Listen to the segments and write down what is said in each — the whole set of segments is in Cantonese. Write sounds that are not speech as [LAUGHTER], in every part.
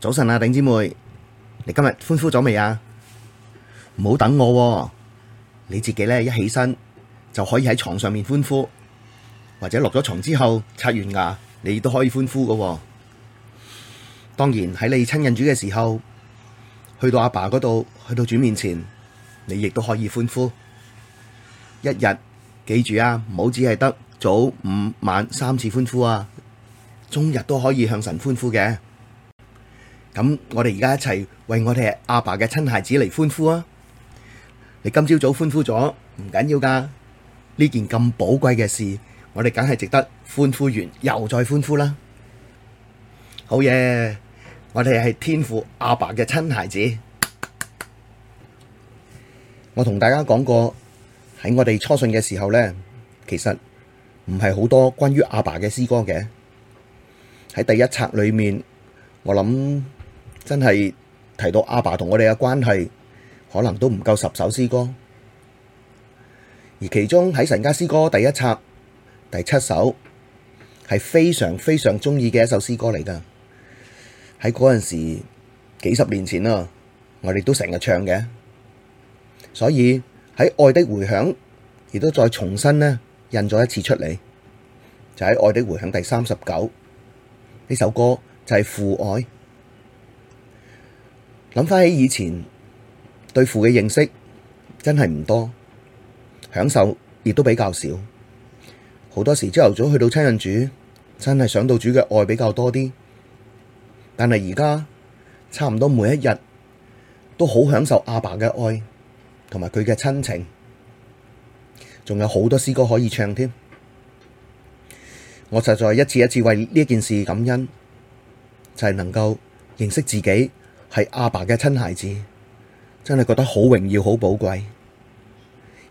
早晨啊，丁姊妹，你今日歡呼咗未啊？唔好等我，你自己咧一起身就可以喺床上面歡呼，或者落咗床之後刷完牙，你都可以歡呼噶。當然喺你親近主嘅時候，去到阿爸嗰度，去到主面前，你亦都可以歡呼。一日記住啊，唔好只係得早午晚三次歡呼啊，終日都可以向神歡呼嘅。咁我哋而家一齊為我哋阿爸嘅親孩子嚟歡呼啊！你今朝早歡呼咗唔緊要噶，呢件咁寶貴嘅事，我哋梗係值得歡呼完又再歡呼啦！好嘢，我哋係天父阿爸嘅親孩子。我同大家講過，喺我哋初信嘅時候呢，其實唔係好多關於阿爸嘅詩歌嘅，喺第一冊裏面我諗。真係提到阿爸同我哋嘅關係，可能都唔夠十首詩歌。而其中喺神家詩歌第一冊第七首，係非常非常鍾意嘅一首詩歌嚟噶。喺嗰陣時幾十年前啊，我哋都成日唱嘅。所以喺愛的迴響，亦都再重新呢印咗一次出嚟，就喺愛的迴響第三十九呢首歌就係、是、父愛。諗返起以前對父嘅認識，真係唔多，享受亦都比較少。好多時朝頭早去到親人住，真係想到主嘅愛比較多啲。但係而家差唔多每一日都好享受阿爸嘅愛，同埋佢嘅親情，仲有好多詩歌可以唱添。我實在一次一次為呢件事感恩，就係、是、能夠認識自己，係阿爸嘅親孩子，真係覺得好榮耀、好寶貴，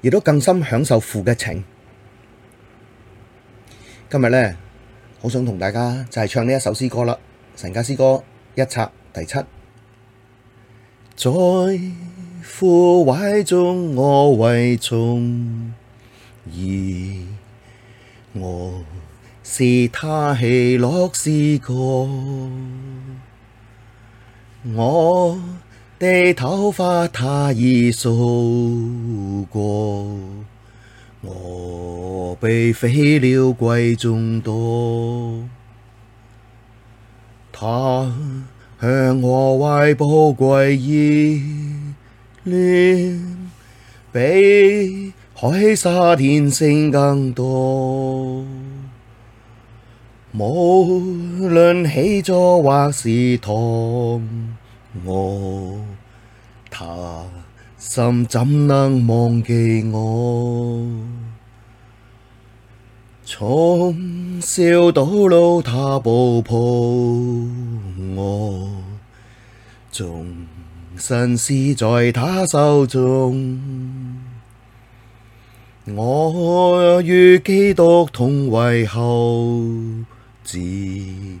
亦都更深享受父嘅情。今日咧，好想同大家就係唱呢一首詩歌啦，《神家詩歌》一冊第七。在父懷中，我為寵兒，我是他喜樂詩歌。我的頭髮祂已數過，我比飛鳥貴重多，他向我懷寶貴意念，比海沙天星更多，無論起坐或是躺。我他心怎能忘記我。從少到老他保抱我，終身事在他手中，我與基督同為後嗣。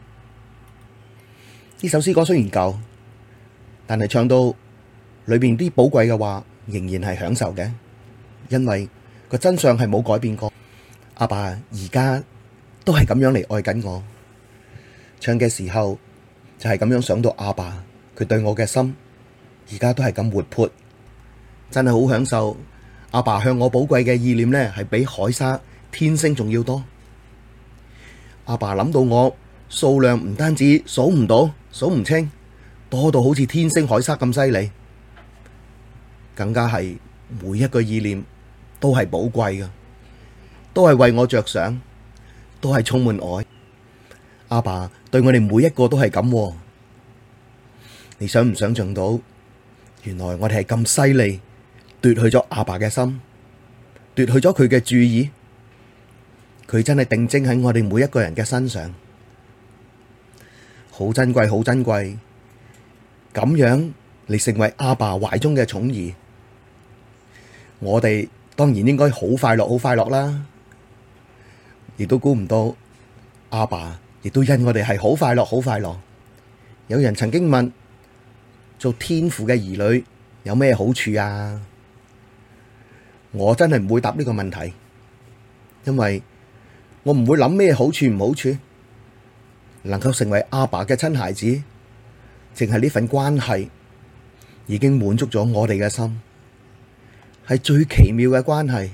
呢首詩歌雖然舊，但係唱到裏邊啲寶貴嘅話，仍然係享受嘅。因為個真相係冇改變過，阿爸而家都係咁樣嚟愛緊我。唱嘅時候就係咁樣想到阿爸，佢對我嘅心而家都係咁活潑，真係好享受。阿爸向我寶貴嘅意念呢，係比海沙天星仲要多。阿爸諗到我，數量唔單止數唔到。數唔清，多到好似天星海沙咁犀利，更加係每一個意念都係寶貴嘅，都係為我着想，都係充滿愛。阿爸對我哋每一個都係咁，你想唔想象到？原來我哋係咁犀利，奪去咗阿爸嘅心，奪去咗佢嘅注意，佢真係定睛喺我哋每一個人嘅身上。好珍貴，好珍貴！咁樣你成為阿爸懷中嘅寵兒，我哋當然應該好快樂，好快樂啦！亦都估唔到阿爸，亦都因我哋係好快樂，好快樂。有人曾經問：做天父嘅兒女有咩好處啊？我真係唔會答呢個問題，因為我唔會諗咩好處唔好處。能夠成為阿爸嘅親孩子，淨係呢份關係已經滿足咗我哋嘅心，係最奇妙嘅關係，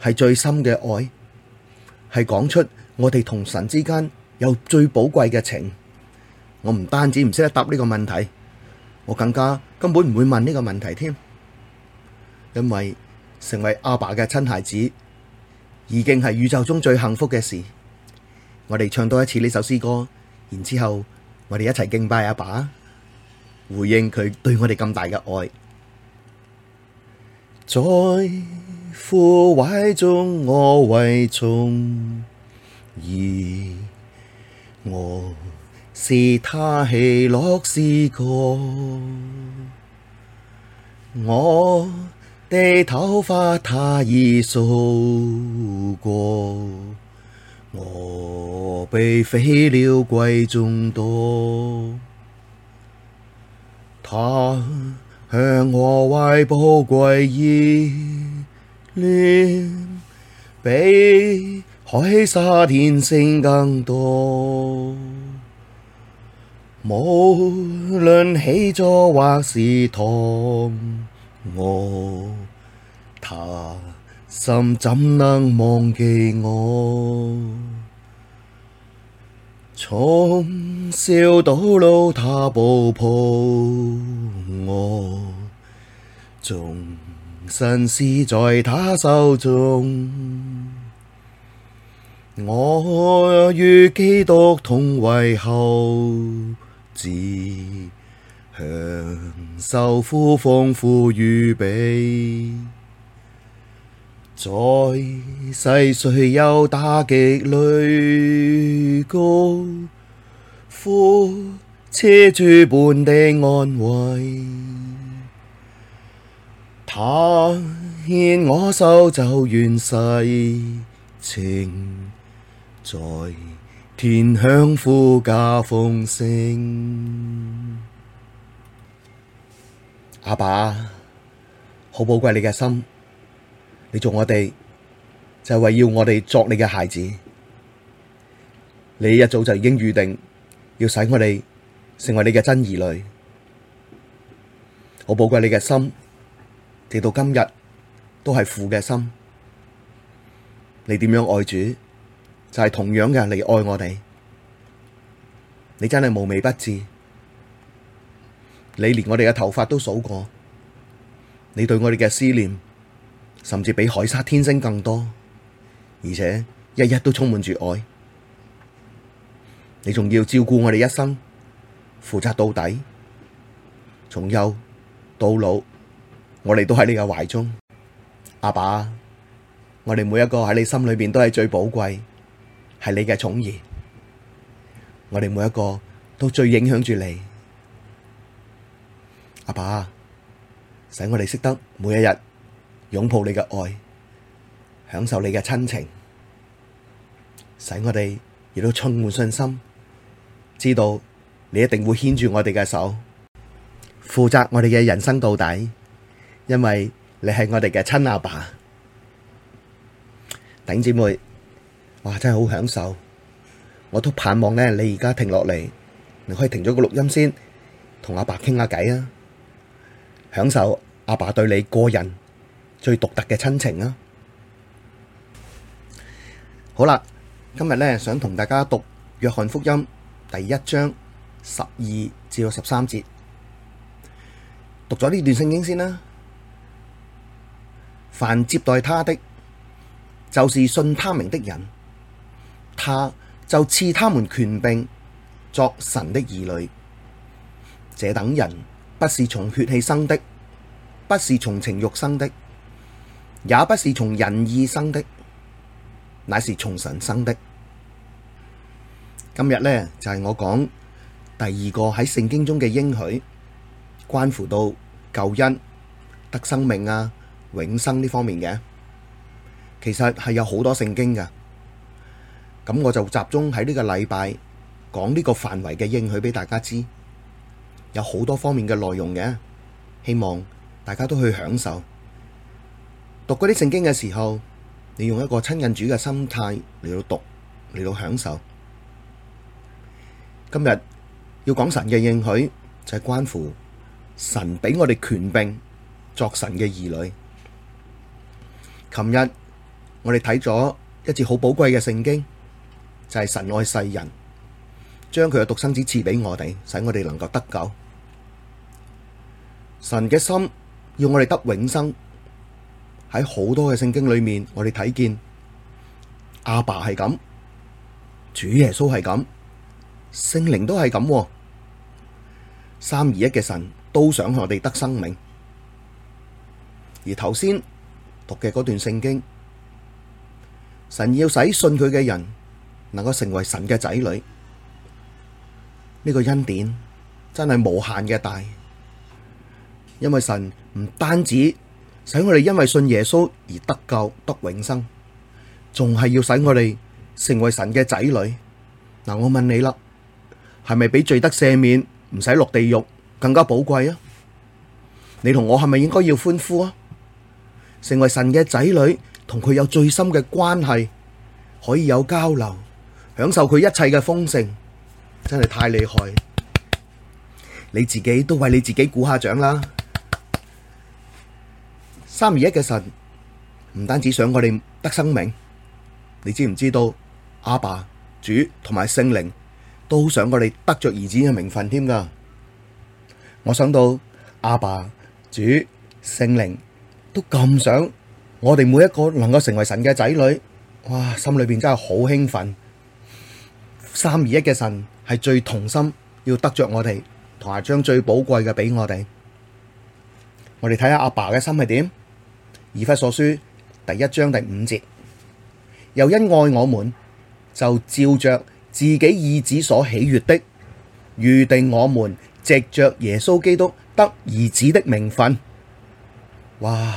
係最深嘅愛，係講出我哋同神之間有最寶貴嘅情。我唔單止唔識得答呢個問題，我更加根本唔會問呢個問題添。因為成為阿爸嘅親孩子，已經係宇宙中最幸福嘅事。我哋唱多一次呢首詩歌，然之後我哋一齊敬拜阿爸，回應佢對我哋咁大嘅愛。 [MUSIC] 在父懷中我為寵兒，而我是他喜樂詩歌，我的頭髮他已數過。我比飛鳥貴重多，祂向我懷寶貴意念，比海沙天星更多。 [LAUGHS] 無論起坐或是躺臥，我它。心怎能忘記我？從少到老他保抱我，終身事在他手中。我與基督同為後嗣，享受父豐富預備。在世雖有打擊淚谷，父賜諸般的安慰，祂牽我手走完世程，在天享父家豐盛。阿爸，好寶貴你嘅心。你做我哋就係為要我哋作你嘅孩子，你一早就已經預定要使我哋成為你嘅真兒女。我寶貴你嘅心，直到今日都係父嘅心。你點樣愛主，就係、是、同樣嘅嚟愛我哋。你真係無微不至，你連我哋嘅頭髮都數過，你對我哋嘅思念，甚至比海沙天星更多，而且日日都充滿住愛。你仲要照顧我哋一生，負責到底，從幼到老，我哋都喺你嘅懷中。阿爸，爸，我哋每一個喺你心裏邊都係最寶貴，係你嘅寵兒。我哋每一個都最影響住你，阿爸，爸，使我哋識得每一日擁抱你嘅愛，享受你嘅親情，使我哋亦都充滿信心，知道你一定會牽住我哋嘅手，負責我哋嘅人生到底，因為你係我哋嘅親阿爸，爸。弟兄姊妹，哇，真係好享受，我都盼望呢，你而家停落嚟，你可以停咗個錄音先，同阿爸傾下偈啊，享受阿爸，爸對你過癮最獨特嘅親情啊。好啦，今日呢，想同大家讀約翰福音第一章十二至到十三節，讀咗呢段聖經先啦。凡接待他的，就是信他名的人，他就賜他們權柄，作神的兒女。這等人不是從血氣生的，不是從情慾生的。也不是從人意生的，乃是從神生的。今日呢，就係、是、我講第二個喺聖經中嘅應許，關乎到救恩、得生命啊、永生呢方面嘅。其實係有好多聖經噶，咁我就集中喺呢個禮拜講呢個範圍嘅應許俾大家知，有好多方面嘅內容嘅，希望大家都去享受。讀嗰啲聖經嘅時候，你用一個親近主嘅心態嚟到讀，嚟到享受。今日要講神嘅應許，就係關乎神俾我哋權柄作神嘅兒女。琴日我哋睇咗一次好寶貴嘅聖經，就係神愛世人，將佢嘅獨生子賜俾我哋，使我哋能夠得救。神嘅心要我哋得永生。喺好多嘅聖經裏面，我哋睇見阿爸係咁，主耶穌係咁，聖靈都係咁，三二一嘅神都想我哋得生命。而頭先讀嘅嗰段聖經，神要使信佢嘅人能夠成為神嘅仔女，呢個恩典真係無限嘅大，因為神唔單止。使我哋因為信耶穌而得救得永生，仲係要使我哋成為神嘅仔女。嗱，我問你啦，係咪比罪得赦免唔使落地獄更加寶貴啊？你同我係咪應該要歡呼啊？成為神嘅仔女，同佢有最深嘅關係，可以有交流，享受佢一切嘅豐盛，真係太厲害！你自己都為你自己鼓下掌啦！三而一嘅神唔單止想我哋得生命，你知唔知道？阿爸、主同埋聖靈都想我哋得着兒子嘅名分添噶。我想到阿爸、主、聖靈都咁想，我哋每一個能夠成為神嘅仔女，哇！心裏邊真係好興奮。三而一嘅神係最同心，要得着我哋，同埋將最寶貴嘅俾我哋。我哋睇下阿爸嘅心係點。以弗所書第一章第五節，又因愛我們，就照着自己意旨所喜悅的，預定我們藉着耶穌基督得兒子的名分。哇，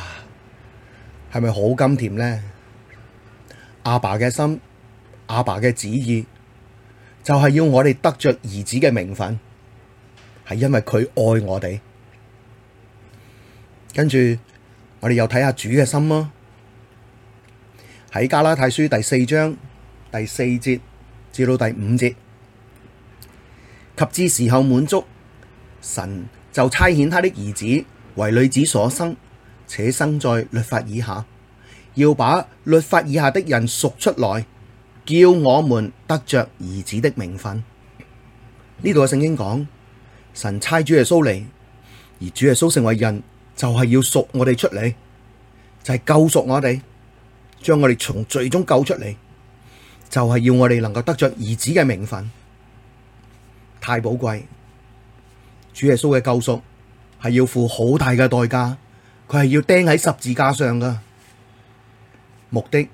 係咪好甘甜呢？阿爸嘅心，阿爸嘅旨意，就係、是、要我哋得着兒子嘅名分，係因為佢愛我哋。跟住。我哋又睇下主嘅心咯，喺加拉太書第四章第四節至到第五節，及至時候滿足，神就差遣他的兒子為女子所生，且生在律法以下，要把律法以下的人贖出來，叫我們得着兒子的名分。呢度嘅聖經講，神差主耶穌嚟，而主耶穌成為人。就係要贖我哋出嚟，就係救贖我哋，將我哋從罪中救出嚟。就係要我哋能夠得着兒子嘅名分，太寶貴。主耶穌嘅救贖係要付好大嘅代價，佢係要釘喺十字架上噶。目的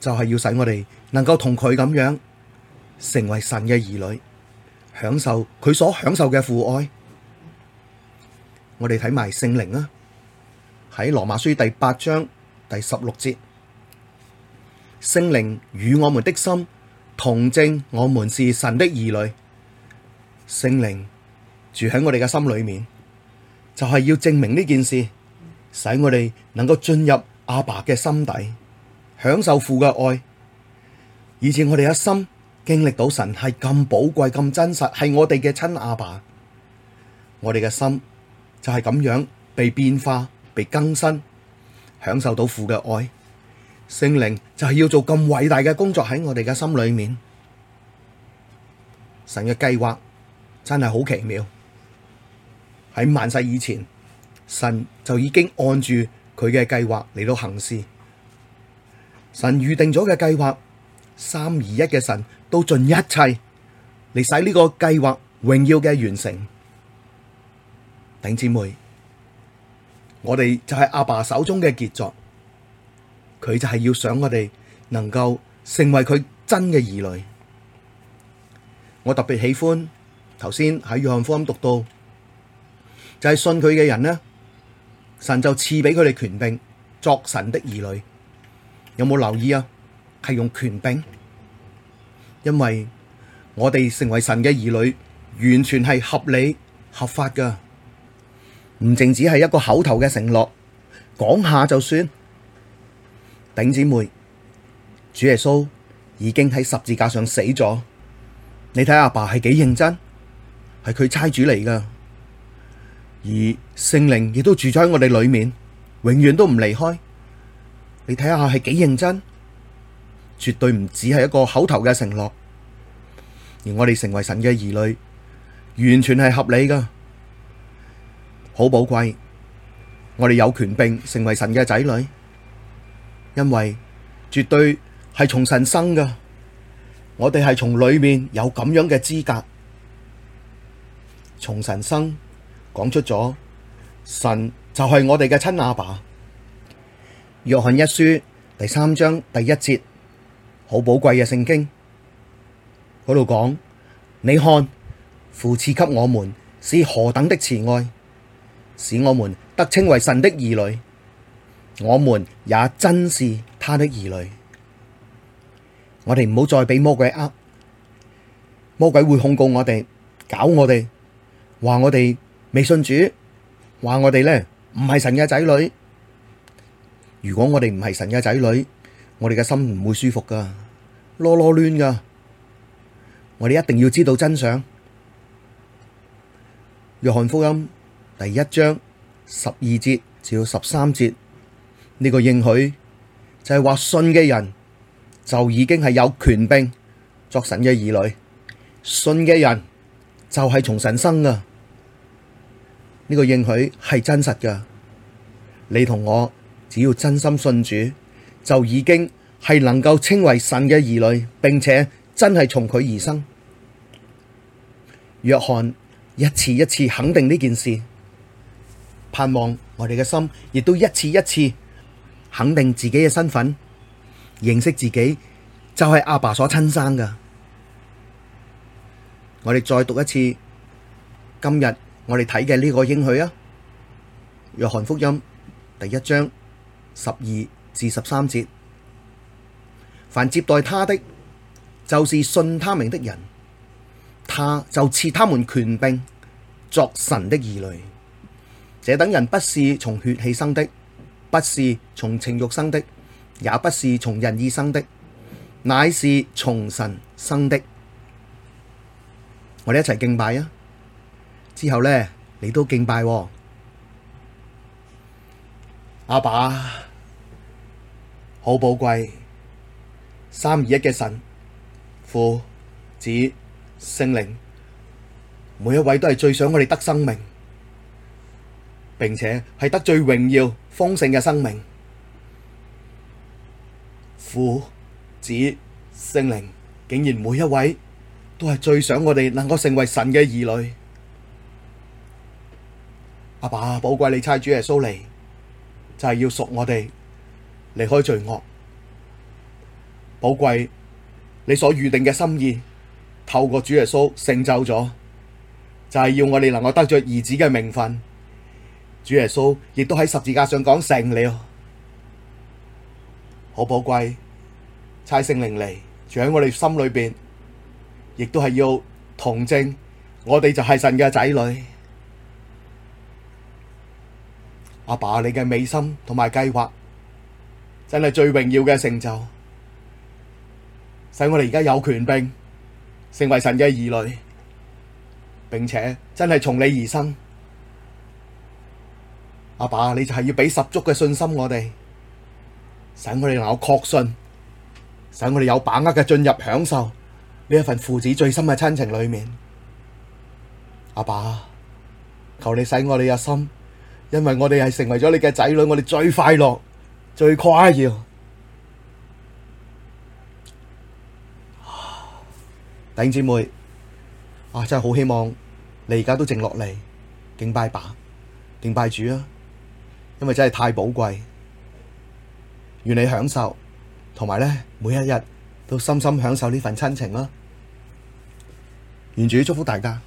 就係要使我哋能夠同佢咁樣成為神嘅兒女，享受佢所享受嘅父愛。我哋睇埋聖靈啊！喺羅馬書第八章第十六節，聖靈與我們的心同證，我們是神的兒女。聖靈住喺我哋嘅心裏面，就係、是、要證明呢件事，使我哋能夠進入阿爸嘅心底，享受父嘅愛。以前我哋嘅心經歷到神係咁寶貴、咁真實，係我哋嘅親阿爸。我哋嘅心就係咁樣被變化，被更新，享受到父嘅愛，聖靈就係要做咁偉大嘅工作喺我哋嘅心裏面。神嘅計劃真係好奇妙，喺萬世以前，神就已經按住佢嘅計劃嚟到行事。神預定咗嘅計劃，三二一嘅神都盡一切嚟使呢個計劃榮耀嘅完成。頂姊妹。我哋就係阿爸手中嘅傑作，佢就係要想我哋能夠成為佢真嘅兒女。我特別喜歡頭先喺約翰福音讀到，就係信佢嘅人呢，神就賜俾佢哋權柄作神的兒女。有冇留意啊？係用權柄，因為我哋成為神嘅兒女，完全係合理合法噶。唔淨止係一個口頭嘅承諾，講下就算。頂姊妹，主耶穌已經喺十字架上死咗。你睇阿爸係幾認真，係佢差主嚟㗎。而聖靈亦都住咗喺我哋裏面，永遠都唔離開。你睇下係幾認真，絕對唔止係一個口頭嘅承諾。而我哋成為神嘅兒女，完全係合理㗎。好寶貴，我哋有權柄成為神嘅仔女，因為絕對係從神生噶。我哋係從裏面有咁樣嘅資格，從神生講出咗，神就係我哋嘅親阿爸。約翰一書第三章第一節，好寶貴嘅聖經嗰度講，你看父賜給我們是何等的慈愛。使我們得稱為神的兒女，我們也真是他的兒女。我哋唔好再俾魔鬼呃，魔鬼會控告我哋，搞我哋，話我哋未信主，話我哋呢唔係神嘅仔女。如果我哋唔係神嘅仔女，我哋嘅心唔會舒服噶，囉囉攣噶。我哋一定要知道真相。約翰福音。第一章十二節至到十三節，呢個應許就係話信嘅人就已經係有權柄作神嘅兒女，信嘅人就係從神生噶。呢個應許係真實噶。你同我只要真心信主，就已經係能夠稱為神嘅兒女，並且真係從佢而生。約翰一次一次肯定呢件事。盼望我哋嘅心，亦都一次一次肯定自己嘅身份，認識自己就係阿爸所親生嘅。我哋再讀一次今日我哋睇嘅呢個應許啊，《約翰福音》第一章十二至十三節：凡接待他的，就是信他名的人，他就賜他們權柄作神的兒女。.這等人不是從血氣生的，不是從情欲生的，也不是從人意生的，乃是從神生的。我哋一齊敬拜啊！之後呢，你都敬拜、哦。阿爸，好寶貴，三而一嘅神，父、子、聖靈，每一位都係最想我哋得生命。並且係得最榮耀、豐盛嘅生命，父子聖靈，竟然每一位都係最想我哋能夠成為神嘅兒女。阿爸，爸，寶貴你差主耶穌嚟，就係、是、要贖我哋離開罪惡。寶貴你所預定嘅心意，透過主耶穌成就咗，就係、是、要我哋能夠得着兒子嘅名分。主耶穌亦都喺十字架上講成了，好寶貴，差聖靈嚟住喺我哋心裏邊，亦都係要同證。我哋就係神嘅仔女。阿爸，爸你嘅美心同埋計劃，真係最榮耀嘅成就，使我哋而家有權柄，成為神嘅兒女，並且真係從你而生。阿爸，你就係要俾十足嘅信心我哋，使我哋能夠確信，使我哋有把握嘅進入享受呢一份父子最深嘅親情裏面。阿爸，求你使我哋嘅心，因為我哋係成為咗你嘅仔女，我哋最快樂、最誇耀。弟兄、啊、姊妹，啊，真係好希望你而家都靜落嚟敬拜爸、敬拜主啊！因為真係太寶貴，願你享受，同埋咧，每一日都深深享受呢份親情啦、啊。願主祝福大家。